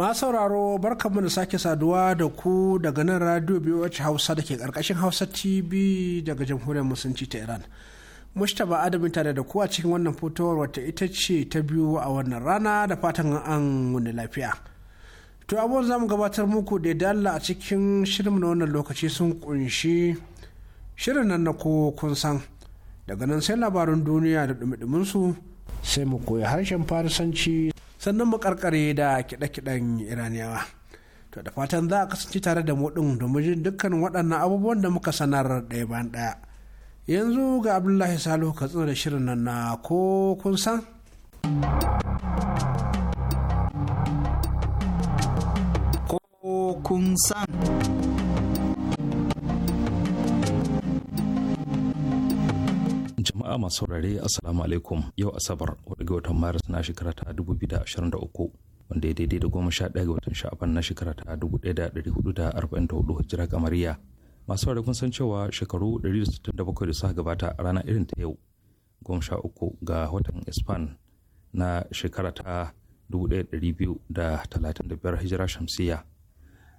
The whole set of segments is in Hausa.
Ma sauraro barkanmu da sake saduwa da ku daga nan radio BOH Hausa da ke karkashin Hausa TV daga Jamhuriyar Musulunci ta Iran. Mushtaba Adamu tare da ku a cikin wannan fitowar wata ita ce ta biyu a wannan rana da fatan an wani lafiya. To abubuwan zamu gabatar muku da dalla a cikin shirin na wannan lokaci sun kunshi shirin nan na ko kun san daga nan sai labarin duniya da dumi su sai mu koyi harshen farisanci sannan mu karkare da kiɗe-kiɗen iraniyawa to da fatan za a kasance tare da mu domin jin dukkan waɗannan abubuwan da muka sanar ɗaya bayan ɗaya yanzu ga abdullahi salihu katsina da shirin nan na ko kun san ko kun san Jama'a masu saurare Assalamu alaikum yau Asabar wadda ga watan Maris na shekara ta 2023 wanda ya daidai da goma sha ɗaya ga watan sha'aban na shekara ta 1444 hijira kamariya. Masu saurare kun san cewa shekaru 167 da suka gabata a rana irin ta yau goma sha uku ga watan ispan na shekara ta 1235 hijira shamsiya.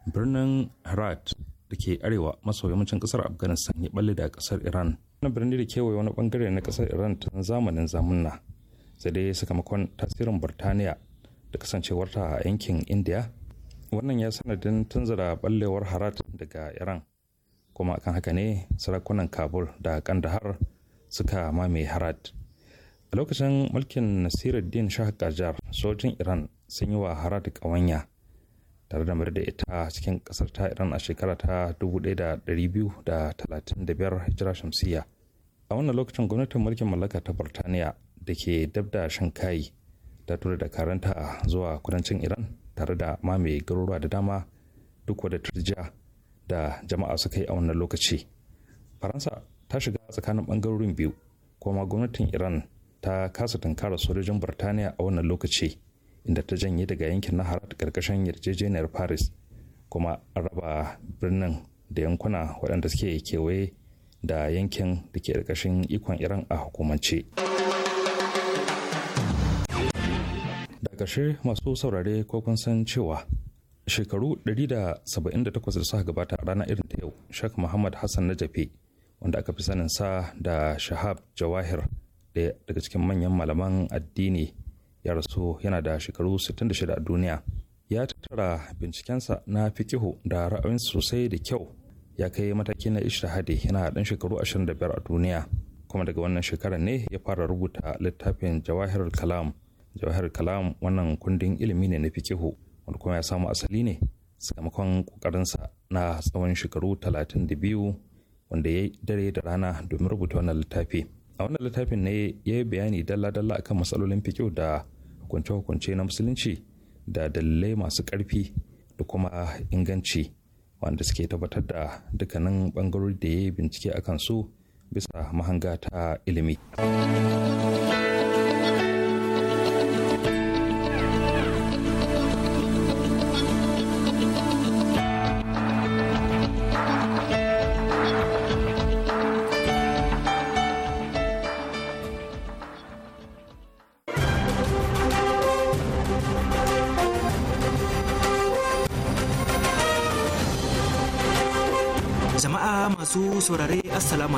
Birnin Herat da ke arewa maso yammacin kasar Afghanistan ya balle da kasar Iran wani birni da kewaye wani bangare na kasar iran tun zamanin zamunna sai dai sakamakon tasirin burtaniya da kasancewarta a yankin india wannan ya sanadin tunzara ballewar harat daga iran kuma akan haka ne sarakunan kabul da kandahar suka mame harat a lokacin mulkin nasiruddin shah qajar sojin iran sun yi wa harat ƙawanya tare da da ita cikin kasar ta iran a shekara ta 1235 hijira shamsiyya a wannan lokacin gwamnatin mulkin mallaka ta burtaniya da ke dab da shankai ta tura da karanta zuwa kudancin iran tare da mamaye garuruwa da dama duk wadda turjiya da jama'a suka yi a wannan lokaci faransa ta shiga tsakanin bangarorin biyu kuma gwamnatin iran ta kasa tunkara sojojin burtaniya a wannan lokaci inda ta janye daga yankin naharat karkashin yarjejeniyar paris kuma an raba birnin da yankuna waɗanda suke kewaye da yankin da ke karkashin ikon iran a hukumance da ƙarshe masu saurare ko kun san cewa shekaru 178 da suka gabata a ranar irin ta yau shak muhammad hassan na jafe wanda aka fi sanin sa da shahab jawahir daya daga cikin manyan malaman addini ya rasu yana da shekaru 66 a duniya ya tattara bincikensa na fikihu da ra'ayin sosai da kyau ya kai mataki na ishtihadi yana dan shekaru 25 a duniya kuma daga wannan shekarar ne ya fara rubuta littafin jawahirul kalam jawahirul kalam wannan kundin ilimi ne na fikihu wanda kuma ya samu asali ne sakamakon kokarinsa na tsawon shekaru 32 wanda ya dare da rana domin rubuta wannan littafi a wannan littafin ne ya yi bayani dalla-dalla akan matsalolin fikihu da hukunce-hukunce na musulunci da dalilai masu ƙarfi da kuma inganci wanda suke tabbatar da dukkanin ɓangarori da ya yi bincike a su bisa mahanga ta ilimi.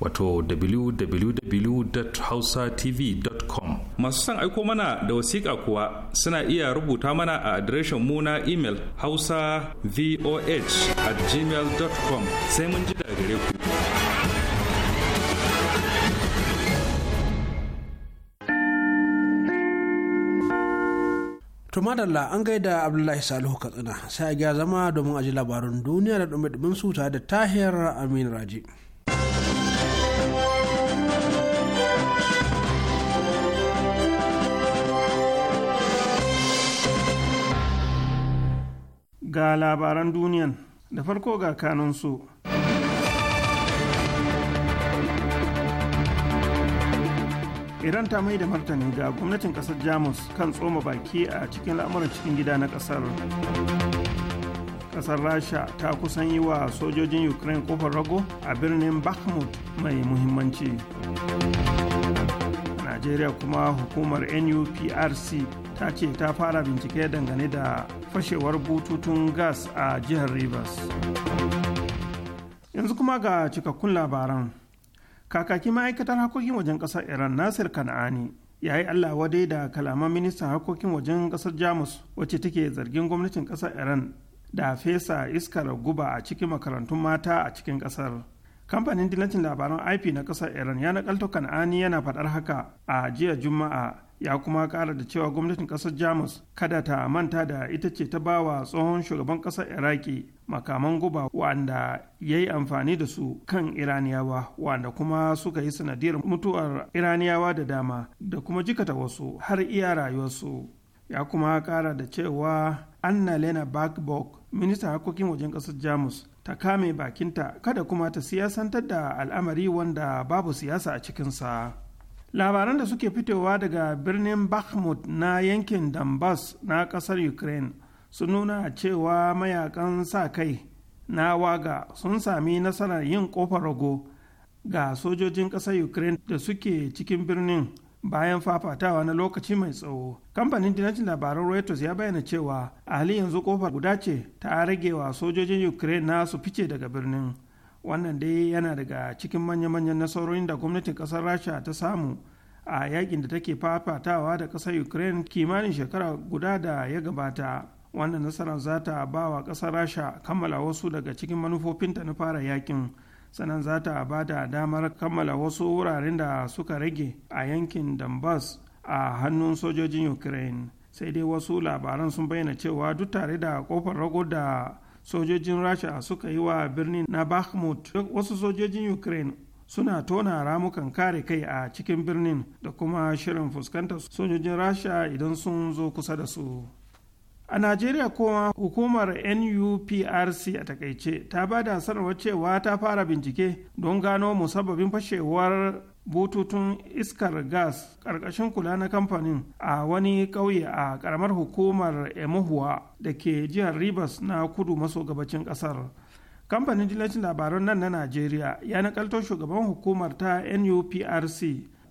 wato www.hausatv.com masu son aiko mana da wasiƙa kuwa suna iya rubuta mana a adireshin mu na imel hausa voh at gmail.com sai mun ji da gare ku to madalla an gaida abdullahi salihu katsina sai a gya zama domin ji labarin duniya da dumi su tare da tahir amin raji. ga labaran duniyan da farko ga kanunsu. iran ta mai da martani ga gwamnatin kasar jamus kan tsoma baki a cikin lamuran cikin gida na kasar kasar rasha ta kusan yi wa sojojin ukraine kofar rago a birnin bakhmut mai muhimmanci najeriya kuma hukumar nuprc ta ce ta fara bincike dangane da fashewar bututun gas a jihar rivers yanzu kuma ga cikakkun labaran kakaki ma'aikatar harkokin wajen ƙasar iran nasir kan'ani ya yi allah wadai da kalaman ministan harkokin wajen ƙasar jamus wacce take zargin gwamnatin ƙasar iran da fesa iskar guba a cikin makarantun mata a cikin ƙasar kamfanin dilancin labaran ip na ƙasar iran ya nakalto kan'ani yana faɗar haka a jiya juma'a ya kuma kara da cewa gwamnatin ƙasar jamus kada ta manta da ita ce ta bawa tsohon shugaban ƙasar iraki makaman guba wanda ya yi amfani da su kan iraniyawa wanda kuma suka yi sanadiyar mutuwar iraniyawa da dama da kuma jikata wasu har iya rayuwarsu ya kuma kara da cewa anna lena bakbok ministan harkokin wajen ƙasar jamus ta kame bakinta kada kuma ta siyasantar da al'amari wanda babu siyasa a cikinsa labaran da suke fitowa daga birnin bakhmut na yankin donbass na kasar ukraine sun nuna cewa mayakan sa kai na waga sun sami nasarar yin ƙofar rago ga sojojin kasar ukraine da suke cikin birnin bayan fafatawa na lokaci mai tsawo kamfanin dinacin labaran reuters ya bayyana cewa a halin yanzu kofar guda ce ta ragewa sojojin ukraine na su fice daga birnin wannan dai yana daga cikin manya-manyan nasarorin da gwamnatin kasar rasha ta samu a yakin da take fafatawa da kasar ukraine kimanin shekara guda da ya gabata wannan nasarar za ta ba wa kasar rasha kammala wasu daga cikin manufofinta na fara yakin sannan za ta ba da damar kammala wasu wuraren da suka rage a yankin donbass a hannun sojojin ukraine sai dai wasu labaran sun bayyana cewa duk tare da kofar rago da sojojin rasha suka yi wa birnin na bakhmut wasu sojojin ukraine suna tona ramukan kare kai a cikin birnin da kuma shirin fuskantar sojojin rasha idan sun zo kusa da su a najeriya kuma hukumar nuprc a takaice ta ba da sanarwar cewa ta fara bincike don gano musabbabin fashewar bututun iskar gas ƙarƙashin kula na kamfanin a wani ƙauye a ƙaramar hukumar emahuwa da ke jihar rivers na kudu maso gabacin ƙasar kamfanin jilacin labaran nan na najeriya ya nakalto shugaban hukumar ta nuprc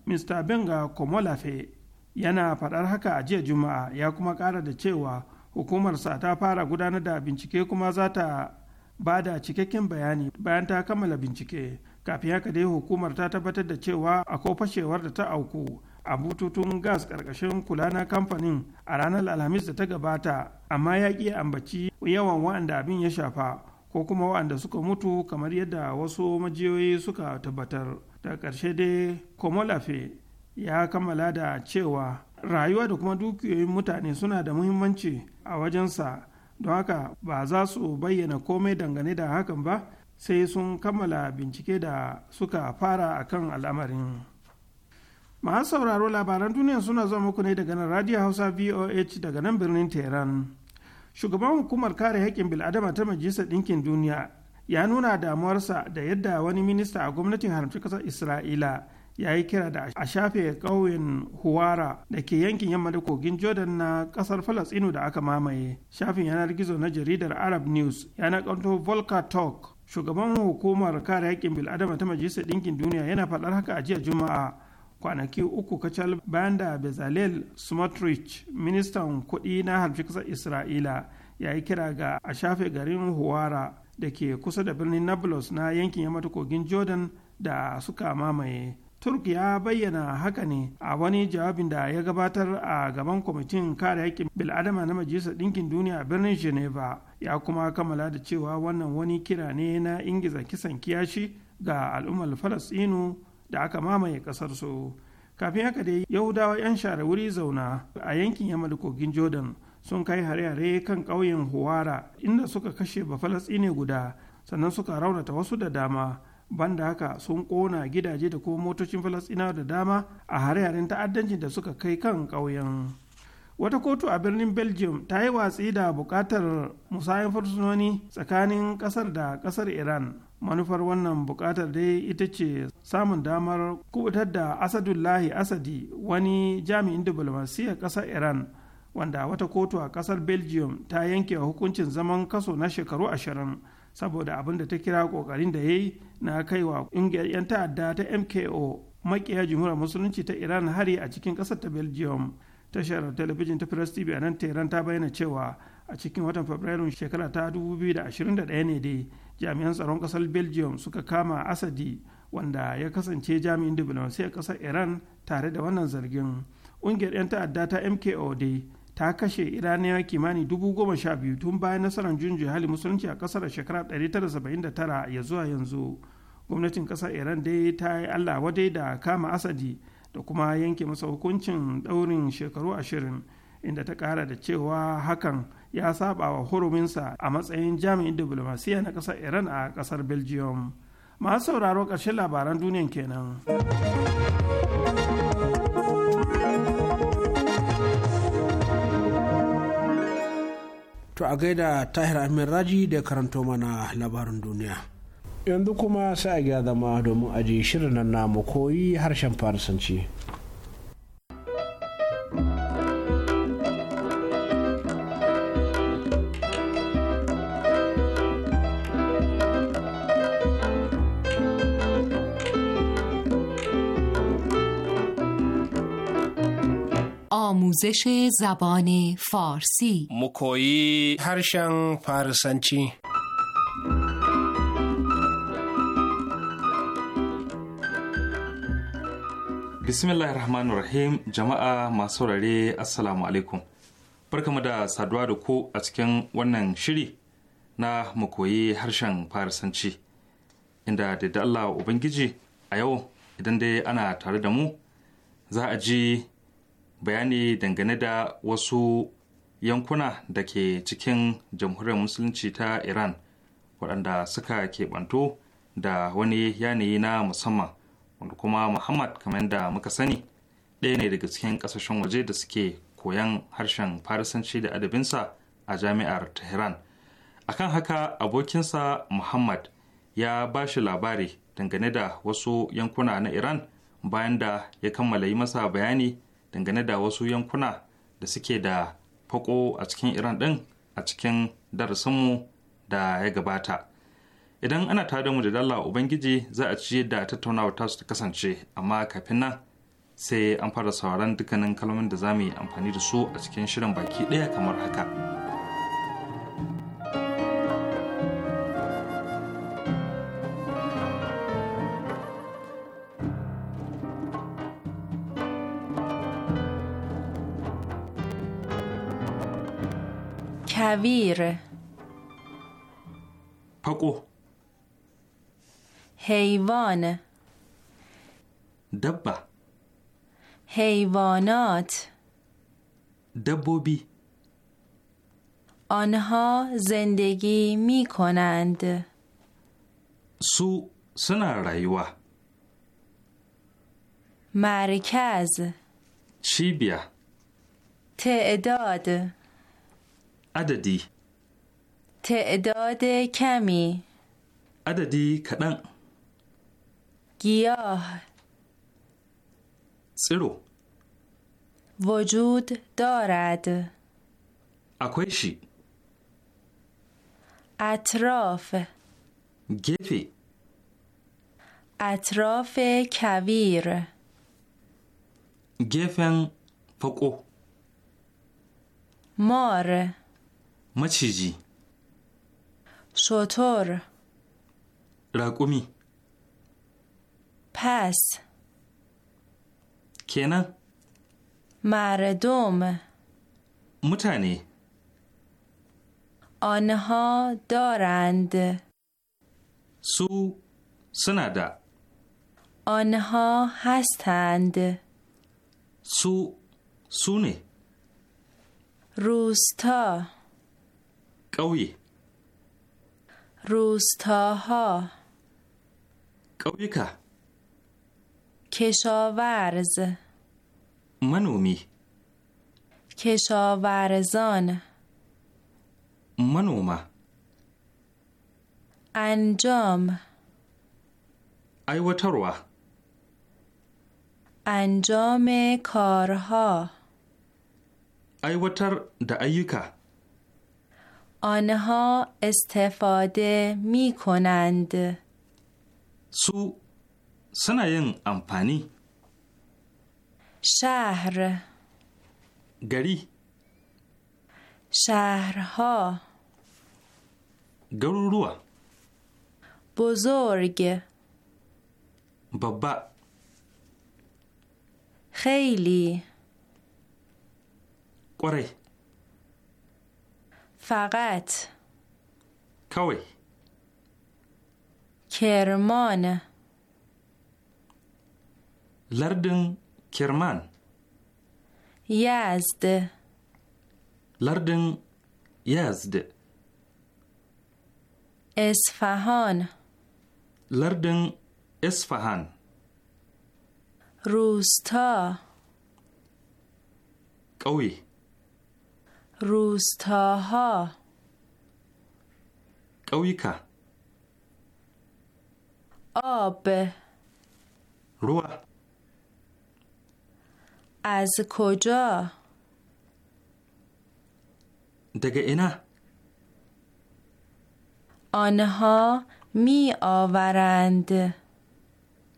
mr benga komolafe yana faɗar haka a jiya juma'a ya kuma ƙara da cewa hukumar sa ta fara gudanar da bincike kuma za ta ba da cikakken bayani bayan ta kammala bincike kafin haka dai hukumar ta tabbatar da cewa akwai fashewar da ta auku a bututun gas karkashin kula na kamfanin a ranar alhamis da ta gabata amma ya ki ambaci yawan waɗanda abin ya shafa ko kuma waɗanda suka mutu kamar yadda wasu majiyoyi suka tabbatar da ƙarshe dai komolafe ya kammala da cewa rayuwa da kuma dukiyoyin mutane suna da muhimmanci a wajensa don haka ba za su bayyana komai dangane da hakan ba sai sun kammala bincike da suka fara a kan al'amarin masu sauraro labaran duniya suna zuwa muku ne daga nan radio hausa voh daga nan birnin tehran shugaban hukumar kare haƙƙin bil'adama ta majalisar ɗinkin duniya ya nuna damuwarsa da yadda wani minista a gwamnatin haramci ƙasar isra'ila ya yi kira da a shafe ƙauyen huwara da ke yankin yamma da kogin jordan na ƙasar falasinu da aka mamaye shafin yanar gizo na jaridar arab news ya naƙanto volka talk shugaban hukumar kare haƙƙin bil'adama ta majalisar ɗinkin duniya yana faɗar haka a jiya juma'a kwanaki uku kacal bayan da bezalel smotrich ministan kuɗi na harfi ƙasar isra'ila ya yi kira ga a shafe garin huwara da ke kusa da birnin nablus na yankin yamma kogin jordan da suka mamaye turk ya bayyana haka ne a wani jawabin da ya gabatar a gaban kwamitin kare haƙƙin bil'adama na majalisar ɗinkin duniya a birnin geneva ya kuma kammala da cewa wannan wani kira ne na ingiza kisan kiyashi ga al'ummar falasɗinu da aka mamaye ƙasar su kafin haka dai yahudawa 'yan share wuri zauna a yankin yamma kogin jordan sun kai hare-hare kan ƙauyen huwara inda suka kashe bafalasɗine guda sannan suka raunata wasu da dama banda haka sun kona gidaje da kuma motocin falasina da dama a hare-haren ta'addanci da suka kai kan ƙauyen wata kotu a birnin belgium ta yi watsi da buƙatar musayan fursunoni tsakanin ƙasar da ƙasar iran manufar wannan buƙatar dai ita ce samun damar kubutar da asadullahi asadi wani jami'in diplomasiyyar ƙasar iran wanda wata kotu a ƙasar belgium ta yanke hukuncin zaman kaso na shekaru ashirin saboda abin da ta kira kokarin da ya yi na kaiwa ƙungiyar 'yan ta'adda ta mko makiya jimhuriyar musulunci ta iran hari a cikin ƙasar ta belgium tashar talabijin ta press tv a nan tehran ta bayyana cewa a cikin watan fabrairun shekara ta 2021 ne dai jami'an tsaron ƙasar belgium suka kama asadi wanda ya kasance jami'in a ƙasar iran tare da wannan zargin ƙungiyar 'yan ta'adda ta mko dai ta kashe iraniyawa kimani dubu goma sha biyu tun bayan nasarar junjin hali musulunci a kasar shekara 1979 ya zuwa yanzu gwamnatin kasar iran dai ta yi allah wadai da kama asadi da kuma yanke masa hukuncin daurin shekaru ashirin inda ta kara da cewa hakan ya saba wa huruminsa a matsayin jami'in diplomasiya na kasar iran a kasar belgium masu sauraro karshen labaran duniyan kenan. to a gaida tahir amir raji da karanto mana labarin duniya yanzu kuma sai a gyara zama domin aji shirin nan mu koyi harshen farisanci آموزش زبان فارسی مکویی هرشن فارسنچی bismillah rahman rahim jama'a masu saurare assalamu alaikum barkamu da saduwa da ku a cikin wannan shiri na mu koyi harshen farisanci inda da Allah ubangiji a yau idan dai ana tare da mu za a ji bayani dangane da wasu yankuna da ke cikin jamhuriyar musulunci ta iran waɗanda suka keɓanto da wani yanayi na musamman wanda kuma muhammad kamar da muka sani ɗaya ne daga cikin ƙasashen waje da suke koyan harshen farisanci da adabinsa a jami'ar tehran akan haka abokinsa muhammad ya ba shi labari dangane da wasu yankuna na iran bayan da ya kammala yi masa bayani dangane da wasu yankuna da suke da fako a cikin iran ɗin a cikin darasinmu da ya gabata idan ana tare da mu da dalla ubangiji za a ci da tattaunawa tasu ta kasance amma kafin nan sai an fara sauran dukkanin kalmomin da za mu yi amfani da su a cikin shirin baki ɗaya kamar haka. کویر پکو حیوان دبه حیوانات دبوبی آنها زندگی می کنند سو سنا رایوا مرکز چیبیا، تعداد عددی تعداد کمی عددی کدن گیاه سرو وجود دارد اکویشی اطراف گفی اطراف کویر گفن فکو مار maciji شطور راکومی. پس کنا مردم متنی آنها دارند سو سنادا. آنها هستند سو سونه روستا قوی روستاها که کشاورز منومی کشاورزان منوما انجام ایوتروا انجام کارها ایوتر دا ایوکا آنها استفاده می کنند سو سناین امپانی شهر گری شهرها گرورو بزرگ بابا خیلی قره فقط کوی کرمان لردن کرمان یزد لردن یزد اصفهان لردن اصفهان روستا قوی روستاها قویکا آب روح از کجا دگه اینا آنها می آورند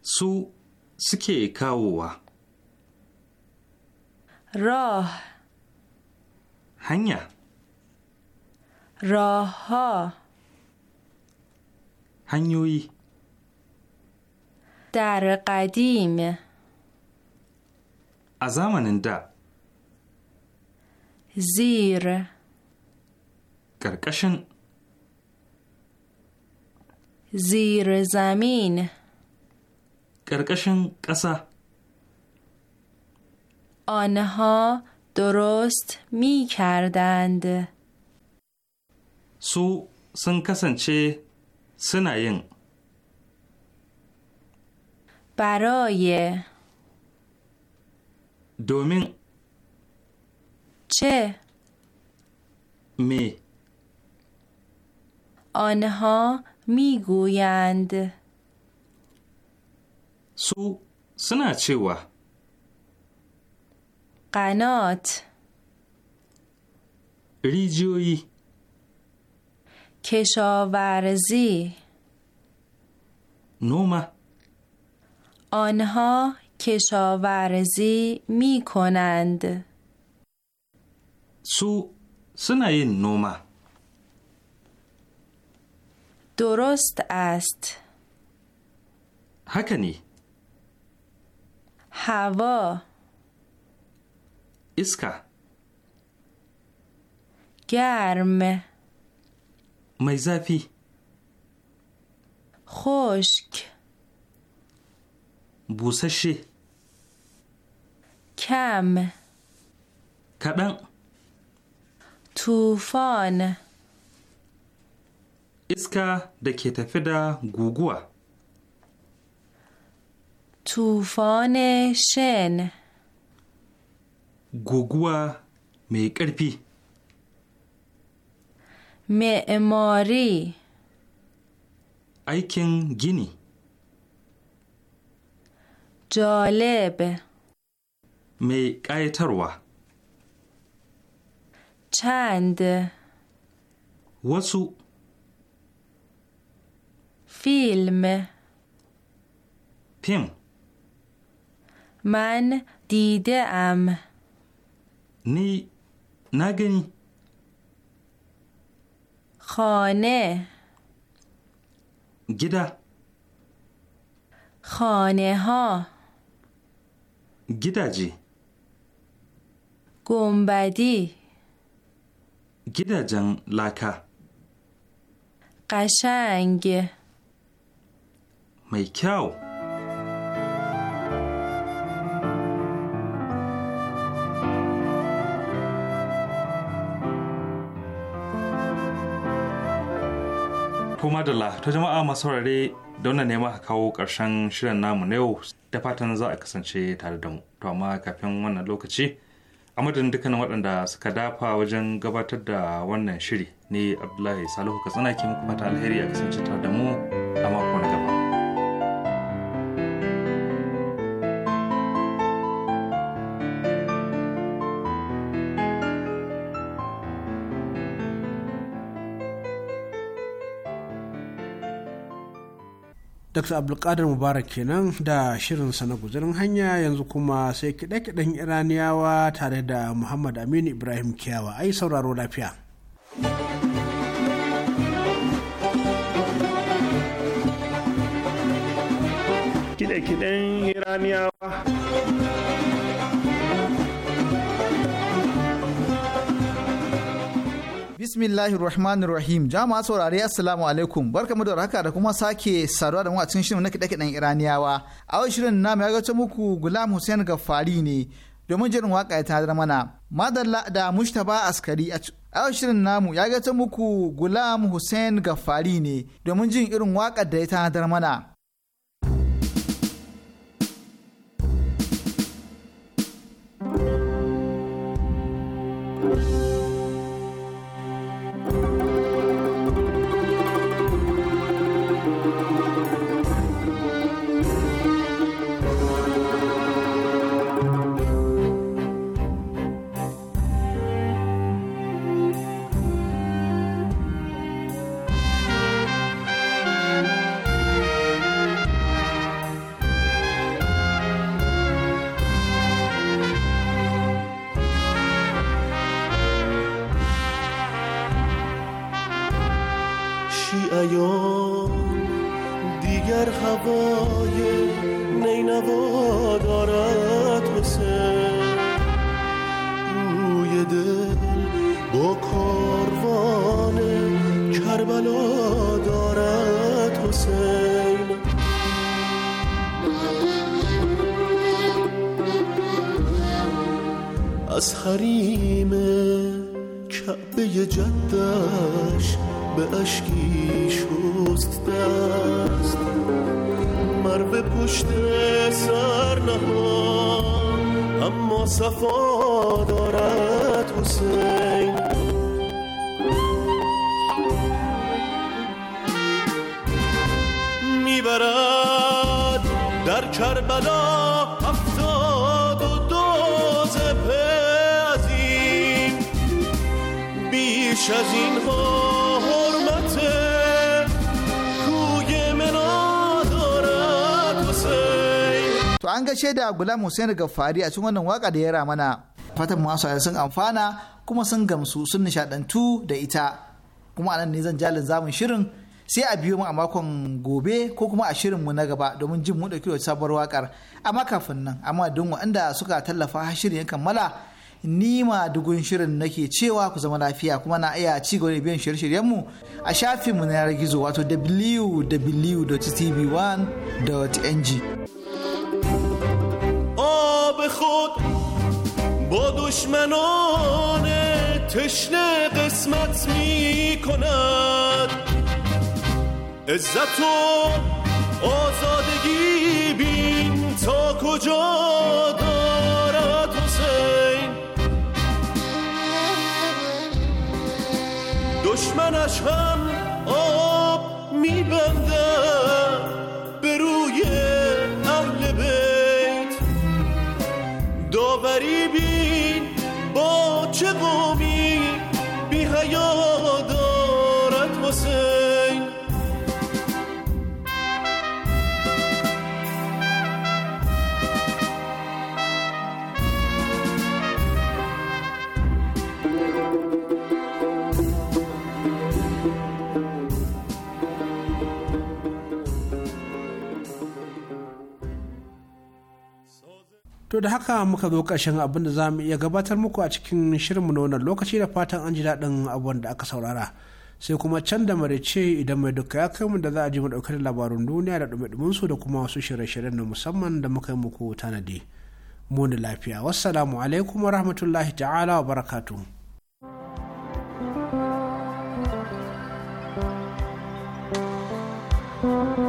سو سکی کاوا راه هنگ راه ها در قدیم ازامن اندا زیر کرکشن زیر زمین کرکشن قصه آنها درست می کردند سو سن کسنچه این؟ برای دومین چه می آنها میگویند سو سنا و؟ قنات ریجوی کشاورزی نوما آنها کشاورزی می کنند سو سنه نومه درست است هکنی هوا iska garme mai zafi khoshk busashe kam kaɗan tufan iska da ke tafi da guguwa tufane shen shen guguwa mai ƙarfi me'emori aikin gini jolebe mai ƙayatarwa chand wasu film Fim. man dide am. نی نگنی خانه گیده خانه ها گمبدی گنبدی جنگ لکه قشنگ میکاو madalla ta jama'a masu saurare da wannan nema ka kawo ƙarshen shirin namu na yau da fatan za a kasance tare da mu to amma kafin wannan lokaci a madadin dukkanin waɗanda suka dafa wajen gabatar da wannan shiri ne abdullahi salihu katsina ke muku fata alheri a kasance tare da mu dr abdulkadir mubarak kenan da shirinsa na guzurin hanya yanzu kuma sai kiɗe-kiɗen iraniyawa tare da muhammad aminu ibrahim kiyawa ai sauraro lafiya kiɗe-kiɗen iraniyawa Bismillahir Rahmanir Rahim. Jama'a saurare Assalamu alaikum. Barkamu da raka da kuma sake saruwa da mu a cikin shirin na kiɗe-kiɗen Iraniyawa. A wani shirin namu ya gaci muku Gulam Hussein Gaffari ne domin jirin waka ya tadar mana. Madalla da Mushtaba Askari a wani shirin namu ya gaci muku Gulam Hussein Gaffari ne domin jin irin waka da ya tadar mana. کاروان کربلا دارد حسین از حریم کعبه جدش به اشکی شست دست مر پشت سر نهان اما صفا دارد حسین میبرد در کربلا هفتاد و دوز از این بیش از da Gulam Hussein a cikin wannan waka da ya ra mana fatan masu sun amfana kuma sun gamsu sun nishadantu da ita kuma anan ne zan jalin zamun shirin sai a biyo mu a makon gobe ko kuma a mu na gaba domin jin mu dauki sabuwar wakar amma kafin nan amma don waɗanda suka tallafa shirin kammala ni ma dugun shirin nake cewa ku zama lafiya kuma na iya ci gaba da biyan shirye mu a shafin mu na yanar gizo wato www.tv1.ng خود با دشمنان تشنه قسمت می کند عزت و آزادگی بین تا کجا دارد حسین دشمنش هم آب میبنده به روی اهل بیت داوری بین با چه قومی بی حیا دارد حسین To da haka muka zo ƙarshen abin da za mu iya gabatar muku a cikin shirinmu na lokaci da fatan an ji daɗin abin da aka saurara. Sai kuma can da marece idan mai duka ya kai mu da za a ji mu ɗaukar labarun duniya da ɗume su da kuma wasu shirye-shiryen na musamman da muka yi muku tanadi. Mu da lafiya. Wassalamu alaikum wa rahmatullahi ta'ala wa barakatuhu. thank you